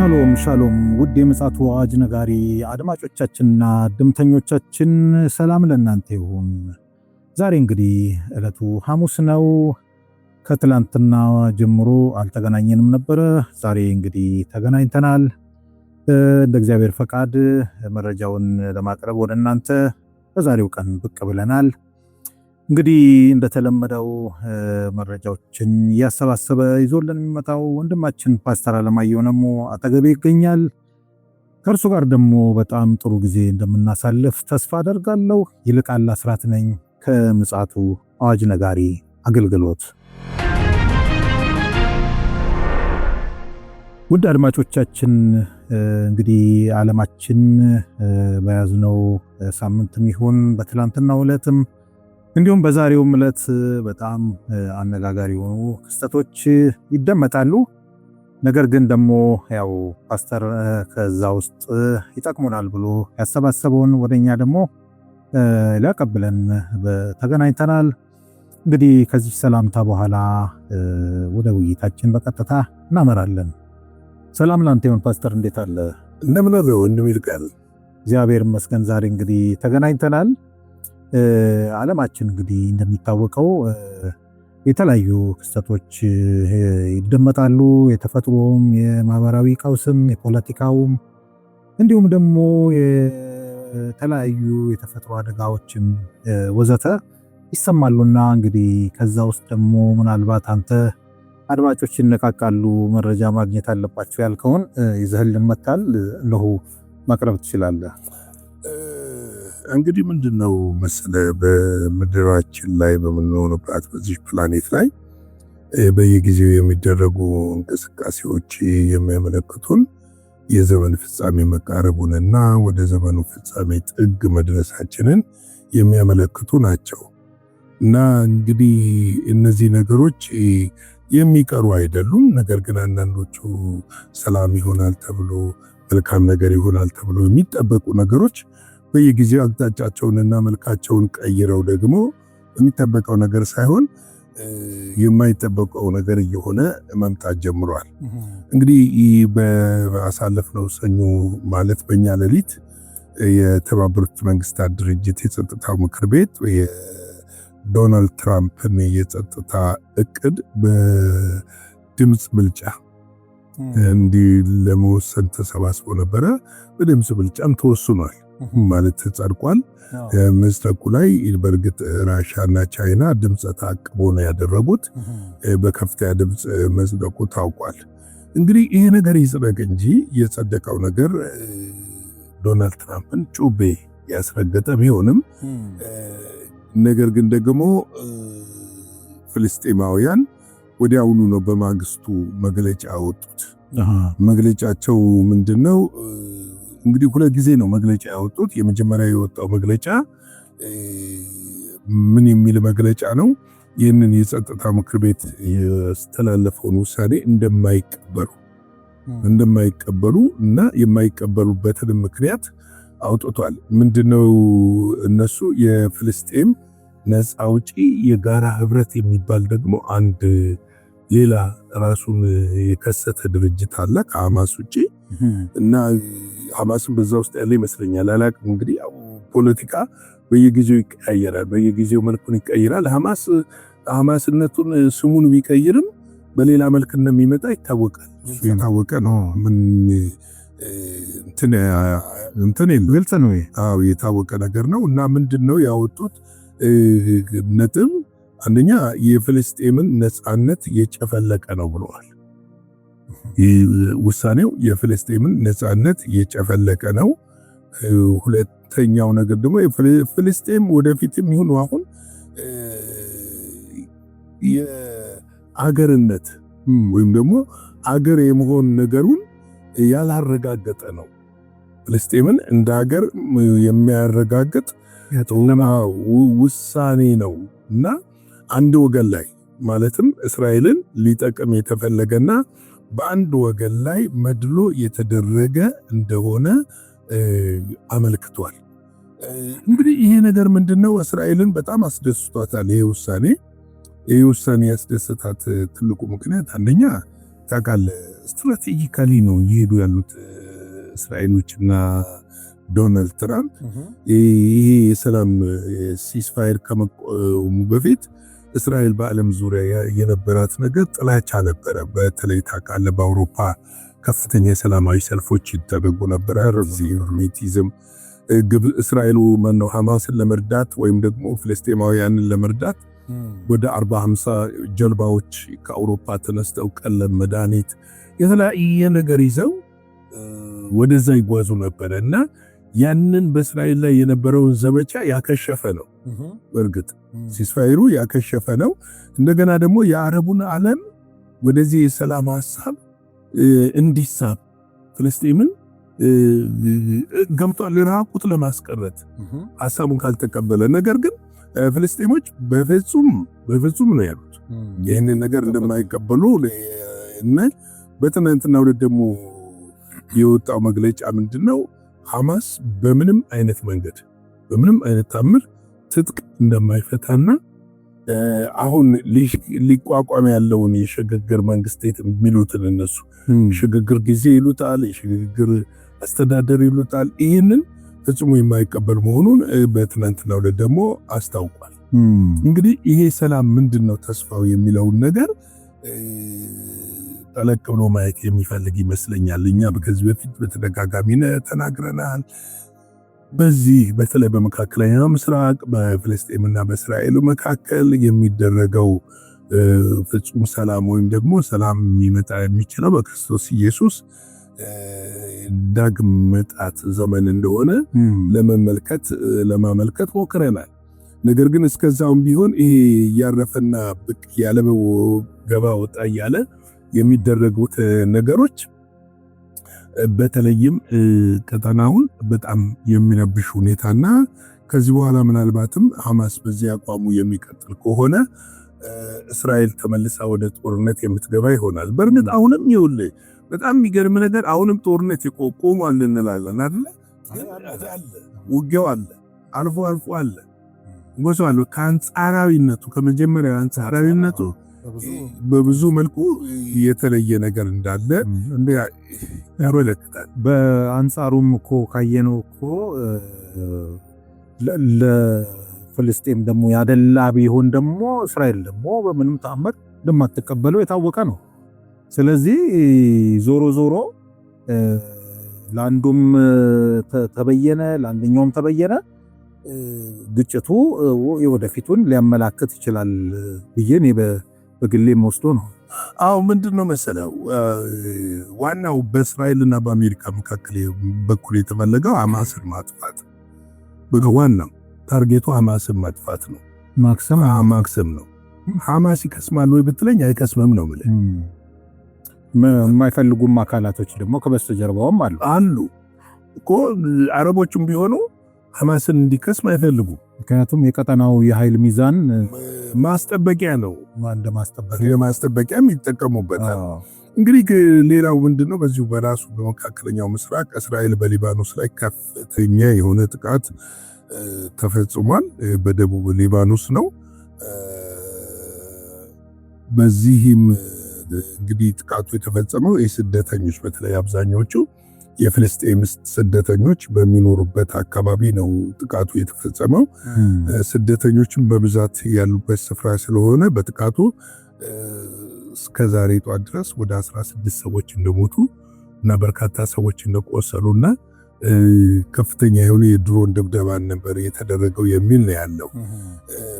ሻሎም ሻሎም ውድ የምፅዓቱ አዋጅ ነጋሪ አድማጮቻችንና ድምተኞቻችን ሰላም ለእናንተ ይሁን። ዛሬ እንግዲህ ዕለቱ ሐሙስ ነው። ከትላንትና ጀምሮ አልተገናኘንም ነበረ። ዛሬ እንግዲህ ተገናኝተናል። እንደ እግዚአብሔር ፈቃድ መረጃውን ለማቅረብ ወደ እናንተ በዛሬው ቀን ብቅ ብለናል። እንግዲህ እንደተለመደው መረጃዎችን እያሰባሰበ ይዞልን የሚመጣው ወንድማችን ፓስተር አለማየሁ ደግሞ አጠገቤ ይገኛል። ከእርሱ ጋር ደግሞ በጣም ጥሩ ጊዜ እንደምናሳልፍ ተስፋ አደርጋለሁ። ይልቃል አስራት ነኝ ከምፅዓቱ አዋጅ ነጋሪ አገልግሎት። ውድ አድማጮቻችን እንግዲህ ዓለማችን በያዝነው ሳምንትም ይሁን በትላንትናው ዕለትም እንዲሁም በዛሬውም ዕለት በጣም አነጋጋሪ የሆኑ ክስተቶች ይደመጣሉ። ነገር ግን ደግሞ ያው ፓስተር ከዛ ውስጥ ይጠቅሙናል ብሎ ያሰባሰበውን ወደኛ ደግሞ ሊያቀብለን ተገናኝተናል። እንግዲህ ከዚህ ሰላምታ በኋላ ወደ ውይይታችን በቀጥታ እናመራለን። ሰላም ላንተ ይሁን ፓስተር፣ እንዴት አለ? እንደምን አለ ወንድም ይልቃል? እግዚአብሔር ይመስገን። ዛሬ እንግዲህ ተገናኝተናል። ዓለማችን እንግዲህ እንደሚታወቀው የተለያዩ ክስተቶች ይደመጣሉ። የተፈጥሮም፣ የማህበራዊ ቀውስም፣ የፖለቲካውም እንዲሁም ደግሞ የተለያዩ የተፈጥሮ አደጋዎችም ወዘተ ይሰማሉና እንግዲህ ከዛ ውስጥ ደግሞ ምናልባት አንተ አድማጮች ይነቃቃሉ፣ መረጃ ማግኘት አለባቸው ያልከውን ይዘህልን መታል እነሆ ማቅረብ ትችላለህ። እንግዲህ ምንድን ነው መሰለ በምድራችን ላይ በምንሆንባት በዚህ ፕላኔት ላይ በየጊዜው የሚደረጉ እንቅስቃሴዎች የሚያመለክቱን የዘመን ፍጻሜ መቃረቡንና ወደ ዘመኑ ፍጻሜ ጥግ መድረሳችንን የሚያመለክቱ ናቸው እና እንግዲህ እነዚህ ነገሮች የሚቀሩ አይደሉም። ነገር ግን አንዳንዶቹ ሰላም ይሆናል ተብሎ መልካም ነገር ይሆናል ተብሎ የሚጠበቁ ነገሮች በየጊዜው አቅጣጫቸውንና መልካቸውን ቀይረው ደግሞ የሚጠበቀው ነገር ሳይሆን የማይጠበቀው ነገር እየሆነ መምጣት ጀምሯል። እንግዲህ በአሳለፍነው ሰኞ ማለት በእኛ ሌሊት የተባበሩት መንግስታት ድርጅት የጸጥታ ምክር ቤት የዶናልድ ትራምፕን የጸጥታ እቅድ በድምፅ ብልጫ እንዲህ ለመወሰን ተሰባስቦ ነበረ። በድምፅ ብልጫም ተወስኗል። ማለት ተጸድቋል። ምስራቁ ላይ በእርግጥ ራሻና ቻይና ድምፀ ተአቅቦ ነው ያደረጉት። በከፍተኛ ድምፅ መጽደቁ ታውቋል። እንግዲህ ይሄ ነገር ይጽደቅ እንጂ የጸደቀው ነገር ዶናልድ ትራምፕን ጩቤ ያስረገጠ ቢሆንም ነገር ግን ደግሞ ፍልስጤማውያን ወዲያውኑ ነው በማግስቱ መግለጫ አወጡት። መግለጫቸው ምንድን ነው? እንግዲህ ሁለት ጊዜ ነው መግለጫ ያወጡት። የመጀመሪያ የወጣው መግለጫ ምን የሚል መግለጫ ነው? ይህንን የጸጥታ ምክር ቤት ያስተላለፈውን ውሳኔ እንደማይቀበሉ እንደማይቀበሉ እና የማይቀበሉበትን ምክንያት አውጥቷል። ምንድነው እነሱ የፍልስጤም ነፃ አውጪ የጋራ ህብረት የሚባል ደግሞ አንድ ሌላ ራሱን የከሰተ ድርጅት አለ ከሐማስ ውጭ እና ሀማስን በዛ ውስጥ ያለ ይመስለኛል። አላቅም እንግዲህ ፖለቲካ በየጊዜው ይቀያየራል፣ በየጊዜው መልኩን ይቀይራል። ሐማስ ሐማስነቱን ስሙን ቢቀይርም በሌላ መልክ እንደሚመጣ ይታወቃል። የታወቀ ነው። ግልጽ ነው። የታወቀ ነገር ነው። እና ምንድን ነው ያወጡት ነጥብ አንደኛ የፍልስጤምን ነፃነት የጨፈለቀ ነው ብለዋል። ውሳኔው የፍልስጤምን ነፃነት እየጨፈለቀ ነው። ሁለተኛው ነገር ደግሞ ፍልስጤም ወደፊትም ይሁን አሁን የአገርነት ወይም ደግሞ አገር የመሆን ነገሩን ያላረጋገጠ ነው። ፍልስጤምን እንደ ሀገር የሚያረጋግጥ ውሳኔ ነው እና አንድ ወገን ላይ ማለትም እስራኤልን ሊጠቅም የተፈለገና በአንድ ወገን ላይ መድሎ የተደረገ እንደሆነ አመልክቷል። እንግዲህ ይሄ ነገር ምንድነው? እስራኤልን በጣም አስደስቷታል። ይሄ ውሳኔ ይህ ውሳኔ ያስደሰታት ትልቁ ምክንያት አንደኛ ታውቃለህ፣ ስትራቴጂካሊ ነው እየሄዱ ያሉት እስራኤሎችና ዶናልድ ትራምፕ ይሄ የሰላም ሲስፋየር ከመቆሙ በፊት እስራኤል በዓለም ዙሪያ የነበራት ነገር ጥላቻ ነበረ። በተለይ ታውቃለህ፣ በአውሮፓ ከፍተኛ የሰላማዊ ሰልፎች ይደረጉ ነበረ። ሚቲዝም እስራኤሉ መነው ሐማስን ለመርዳት ወይም ደግሞ ፍልስጤማውያንን ለመርዳት ወደ 40 ጀልባዎች ከአውሮፓ ተነስተው ቀለ መድኃኒት፣ የተለያየ ነገር ይዘው ወደዛ ይጓዙ ነበረ እና ያንን በእስራኤል ላይ የነበረውን ዘመቻ ያከሸፈ ነው። በእርግጥ ሲስፋይሩ ያከሸፈ ነው። እንደገና ደግሞ የአረቡን ዓለም ወደዚህ የሰላም ሀሳብ እንዲሳብ ፍልስጤምን ገምቷል ራቁት ለማስቀረት ሀሳቡን ካልተቀበለ ነገር ግን ፍልስጤሞች በፍጹም በፍጹም ነው ያሉት ይህንን ነገር እንደማይቀበሉ እና በትናንትና ደግሞ የወጣው መግለጫ ምንድን ነው? ሐማስ በምንም አይነት መንገድ በምንም አይነት ታምር ትጥቅ እንደማይፈታና አሁን ሊቋቋም ያለውን የሽግግር መንግስት የሚሉትን እነሱ ሽግግር ጊዜ ይሉታል፣ የሽግግር አስተዳደር ይሉታል። ይህንን ፍጹም የማይቀበል መሆኑን በትናንትናው ዕለት ደግሞ አስታውቋል። እንግዲህ ይሄ ሰላም ምንድን ነው ተስፋው የሚለውን ነገር ጠለቅ ብሎ ማየት የሚፈልግ ይመስለኛል። እኛ ከዚህ በፊት በተደጋጋሚ ተናግረናል። በዚህ በተለይ በመካከለኛ ምስራቅ በፍልስጤምና በእስራኤሉ መካከል የሚደረገው ፍጹም ሰላም ወይም ደግሞ ሰላም የሚመጣ የሚችለው በክርስቶስ ኢየሱስ ዳግም ምጣት ዘመን እንደሆነ ለመመልከት ለማመልከት ሞክረናል። ነገር ግን እስከዛውም ቢሆን ይሄ እያረፈና ብቅ ያለ ገባ ወጣ እያለ የሚደረጉት ነገሮች በተለይም ቀጠናውን በጣም የሚነብሽ ሁኔታና ከዚህ በኋላ ምናልባትም ሐማስ በዚህ አቋሙ የሚቀጥል ከሆነ እስራኤል ተመልሳ ወደ ጦርነት የምትገባ ይሆናል። በእርግጥ አሁንም ይውል በጣም የሚገርም ነገር አሁንም ጦርነት የቆቆሙ አለ እንላለን አለ ውጊያው አለ አልፎ አልፎ አለ ጎሶ አለ ከአንጻራዊነቱ ከመጀመሪያው አንጻራዊነቱ በብዙ መልኩ የተለየ ነገር እንዳለ ያመለክታል። በአንጻሩም እኮ ካየነው እኮ ለፍልስጤም ደግሞ ያደላ ቢሆን ደግሞ እስራኤል ደግሞ በምንም ተአምር እንደማትቀበለው የታወቀ ነው። ስለዚህ ዞሮ ዞሮ ለአንዱም ተበየነ ለአንደኛውም ተበየነ ግጭቱ የወደፊቱን ሊያመላክት ይችላል ብዬ በግሌም ወስዶ ነው። አዎ ምንድን ነው መሰለው ዋናው በእስራኤልና በአሜሪካ መካከል በኩል የተፈለገው አማስን ማጥፋት ዋናው ታርጌቱ ሐማስን ማጥፋት ነው። ማክሰም ማክሰም ነው። ሐማስ ይከስማል ወይ ብትለኝ አይከስምም ነው ብለ የማይፈልጉም አካላቶች ደግሞ ከበስተጀርባውም አሉ አሉ እኮ አረቦችም ቢሆኑ ሐማስን እንዲከስም አይፈልጉም። ምክንያቱም የቀጠናው የኃይል ሚዛን ማስጠበቂያ ነው። ማስጠበቂያ ይጠቀሙበታል። እንግዲህ ሌላው ምንድነው? በዚሁ በራሱ በመካከለኛው ምስራቅ እስራኤል በሊባኖስ ላይ ከፍተኛ የሆነ ጥቃት ተፈጽሟል። በደቡብ ሊባኖስ ነው። በዚህም እንግዲህ ጥቃቱ የተፈጸመው የስደተኞች በተለይ አብዛኛዎቹ የፍልስጤም ስደተኞች በሚኖሩበት አካባቢ ነው ጥቃቱ የተፈጸመው። ስደተኞችም በብዛት ያሉበት ስፍራ ስለሆነ በጥቃቱ እስከ ዛሬ ጧት ድረስ ወደ 16 ሰዎች እንደሞቱ እና በርካታ ሰዎች እንደቆሰሉ እና ከፍተኛ የሆነ የድሮን ድብደባን ነበር የተደረገው የሚል ነው ያለው።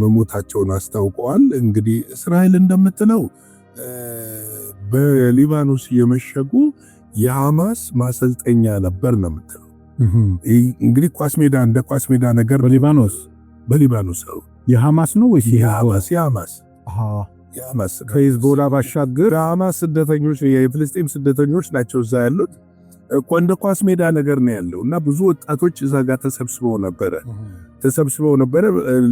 መሞታቸውን አስታውቀዋል። እንግዲህ እስራኤል እንደምትለው በሊባኖስ እየመሸጉ የሐማስ ማሰልጠኛ ነበር ነው የምትለው። እንግዲህ ኳስ ሜዳ እንደ ኳስ ሜዳ ነገር በሊባኖስ በሊባኖስ ነው የሐማስ ነው ወይስ የሐማስ የሐማስ የሐማስ ከሂዝቦላ ባሻገር የሐማስ ስደተኞች የፍልስጤም ስደተኞች ናቸው እዛ ያሉት እኮ እንደ ኳስ ሜዳ ነገር ነው ያለው እና ብዙ ወጣቶች እዛ ጋር ተሰብስበው ነበረ ተሰብስበው ነበረ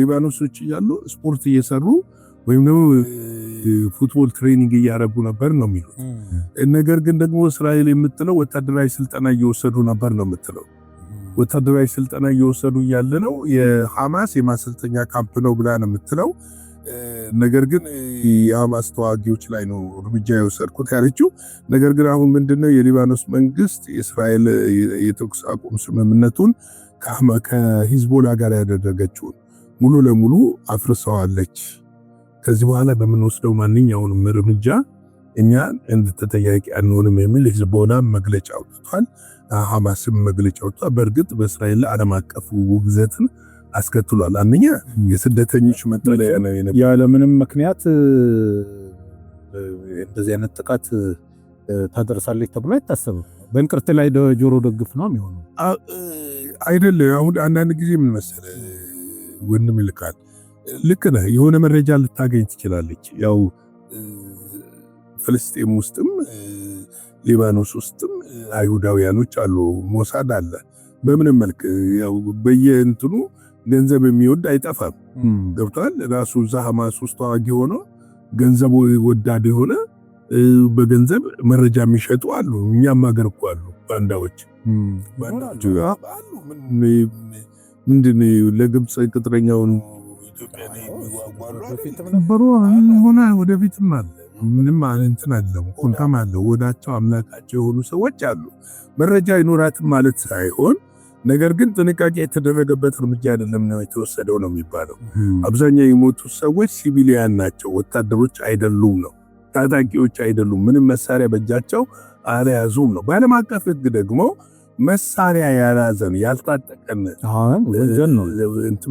ሊባኖሶች እያሉ ያሉ ስፖርት እየሰሩ ወይም ደግሞ ፉትቦል ትሬኒንግ እያረጉ ነበር ነው የሚሉት። ነገር ግን ደግሞ እስራኤል የምትለው ወታደራዊ ስልጠና እየወሰዱ ነበር ነው የምትለው። ወታደራዊ ስልጠና እየወሰዱ እያለ ነው የሐማስ የማሰልጠኛ ካምፕ ነው ብላ ነው የምትለው። ነገር ግን የሐማስ ተዋጊዎች ላይ ነው እርምጃ የወሰድኩት ያለችው። ነገር ግን አሁን ምንድነው የሊባኖስ መንግስት የእስራኤል የተኩስ አቁም ስምምነቱን ከሂዝቦላ ጋር ያደረገችውን ሙሉ ለሙሉ አፍርሰዋለች። ከዚህ በኋላ በምንወስደው ማንኛውንም እርምጃ እኛ እንድ ተጠያቂ አንሆንም የሚል ሂዝቦላ መግለጫ አውጥቷል። ሐማስም መግለጫ አውጥቷል። በእርግጥ በእስራኤል ዓለም አቀፉ ውግዘትን አስከትሏል። አንደኛ የስደተኞች መጠለያ ነው የነበረው። ያለምንም ምክንያት እንደዚህ አይነት ጥቃት ታደርሳለች ተብሎ አይታሰብም። በእንቅርት ላይ ጆሮ ደግፍ ነው የሚሆነው አይደለም። አሁን አንዳንድ ጊዜ ምን መሰለህ ወንድም ይልካል ልክ ነህ። የሆነ መረጃ ልታገኝ ትችላለች። ያው ፍልስጤም ውስጥም ሊባኖስ ውስጥም አይሁዳውያኖች አሉ፣ ሞሳድ አለ። በምንም መልክ ያው በየእንትኑ ገንዘብ የሚወድ አይጠፋም። ገብቷል። ራሱ እዛ ሀማስ ውስጥ ተዋጊ ሆኖ ገንዘብ ወዳድ የሆነ በገንዘብ መረጃ የሚሸጡ አሉ። እኛም ሀገር እኮ አሉ ባንዳዎች ምንድን ለግብፅ ቅጥረኛውን ነበሩ ሆነ ወደፊትም አለ። ምንም እንትን አለው ሁንታም አለው። ወዳቸው አምላካቸው የሆኑ ሰዎች አሉ። መረጃ ይኖራትም ማለት ሳይሆን ነገር ግን ጥንቃቄ የተደረገበት እርምጃ አይደለም ነው የተወሰደው ነው የሚባለው። አብዛኛው የሞቱ ሰዎች ሲቪሊያን ናቸው፣ ወታደሮች አይደሉም ነው ታጣቂዎች አይደሉም። ምንም መሳሪያ በእጃቸው አልያዙም ነው። በዓለም አቀፍ ሕግ ደግሞ መሳሪያ ያልያዘን ያልታጠቀን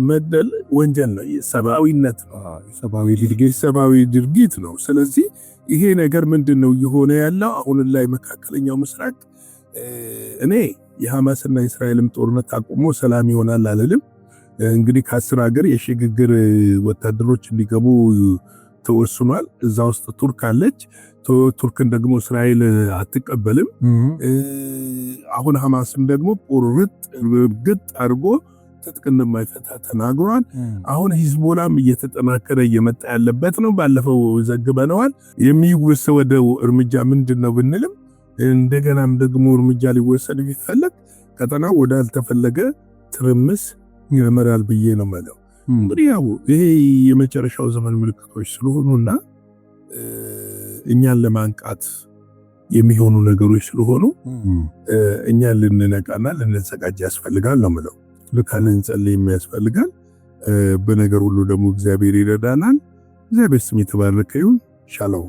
መግደል ወንጀል ነው፣ ሰብአዊነት ነው፣ ሰብአዊ ድርጊት ነው። ስለዚህ ይሄ ነገር ምንድን ነው እየሆነ ያለው አሁን ላይ መካከለኛው ምስራቅ? እኔ የሐማስና የእስራኤልም ጦርነት አቁሞ ሰላም ይሆናል አልልም። እንግዲህ ከአስር ሀገር የሽግግር ወታደሮች እንዲገቡ ተወስኗል። እዛ ውስጥ ቱርክ አለች። ቱርክን ደግሞ እስራኤል አትቀበልም። አሁን ሐማስን ደግሞ ቁርጥ ግጥ አድርጎ ትጥቅ እንደማይፈታ ተናግሯል። አሁን ሂዝቦላም እየተጠናከረ እየመጣ ያለበት ነው። ባለፈው ዘግበነዋል። የሚወሰደው እርምጃ ምንድን ነው ብንልም እንደገናም ደግሞ እርምጃ ሊወሰድ ቢፈለግ ቀጠናው ወዳልተፈለገ ትርምስ ይመራል ብዬ ነው መለው እንግዲህ ያው ይሄ የመጨረሻው ዘመን ምልክቶች ስለሆኑና እኛን ለማንቃት የሚሆኑ ነገሮች ስለሆኑ እኛን ልንነቃና ልንዘጋጅ ያስፈልጋል ነው ምለው። ልካ ልንጸል የሚያስፈልጋል። በነገር ሁሉ ደግሞ እግዚአብሔር ይረዳናል። እግዚአብሔር ስም የተባረከ ይሁን። ሻለው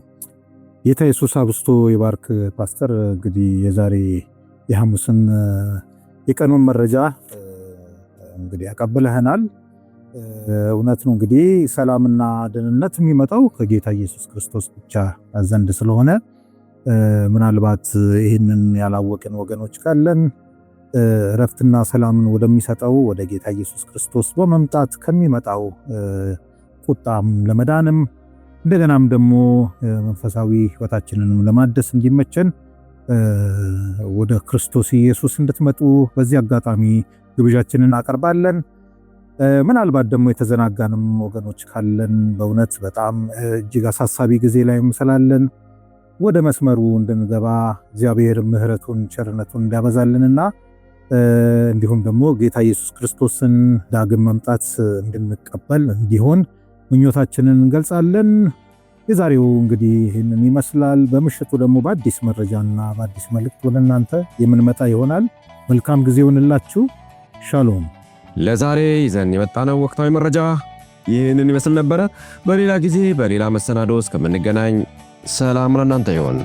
ጌታ የሱስ አብስቶ የባርክ። ፓስተር እንግዲህ የዛሬ የሐሙስን የቀኑን መረጃ እንግዲህ ያቀብለህናል። እውነት ነው እንግዲህ ሰላምና ደህንነት የሚመጣው ከጌታ ኢየሱስ ክርስቶስ ብቻ ዘንድ ስለሆነ ምናልባት ይህንን ያላወቅን ወገኖች ካለን እረፍትና ሰላምን ወደሚሰጠው ወደ ጌታ ኢየሱስ ክርስቶስ በመምጣት ከሚመጣው ቁጣም ለመዳንም እንደገናም ደግሞ መንፈሳዊ ሕይወታችንንም ለማደስ እንዲመቸን ወደ ክርስቶስ ኢየሱስ እንድትመጡ በዚህ አጋጣሚ ግብዣችንን አቀርባለን። ምናልባት ደግሞ የተዘናጋንም ወገኖች ካለን በእውነት በጣም እጅግ አሳሳቢ ጊዜ ላይ ምስላለን። ወደ መስመሩ እንድንገባ እግዚአብሔር ምሕረቱን ቸርነቱን እንዲያበዛልንና እንዲሁም ደግሞ ጌታ ኢየሱስ ክርስቶስን ዳግም መምጣት እንድንቀበል እንዲሆን ምኞታችንን እንገልጻለን። የዛሬው እንግዲህ ይህንን ይመስላል። በምሽቱ ደግሞ በአዲስ መረጃና በአዲስ መልእክት ወደ እናንተ የምንመጣ ይሆናል። መልካም ጊዜ ሻሎም ለዛሬ ይዘን የመጣነው ወቅታዊ መረጃ ይህንን ይመስል ነበረ። በሌላ ጊዜ በሌላ መሰናዶ እስከምንገናኝ ሰላም ለእናንተ ይሆን።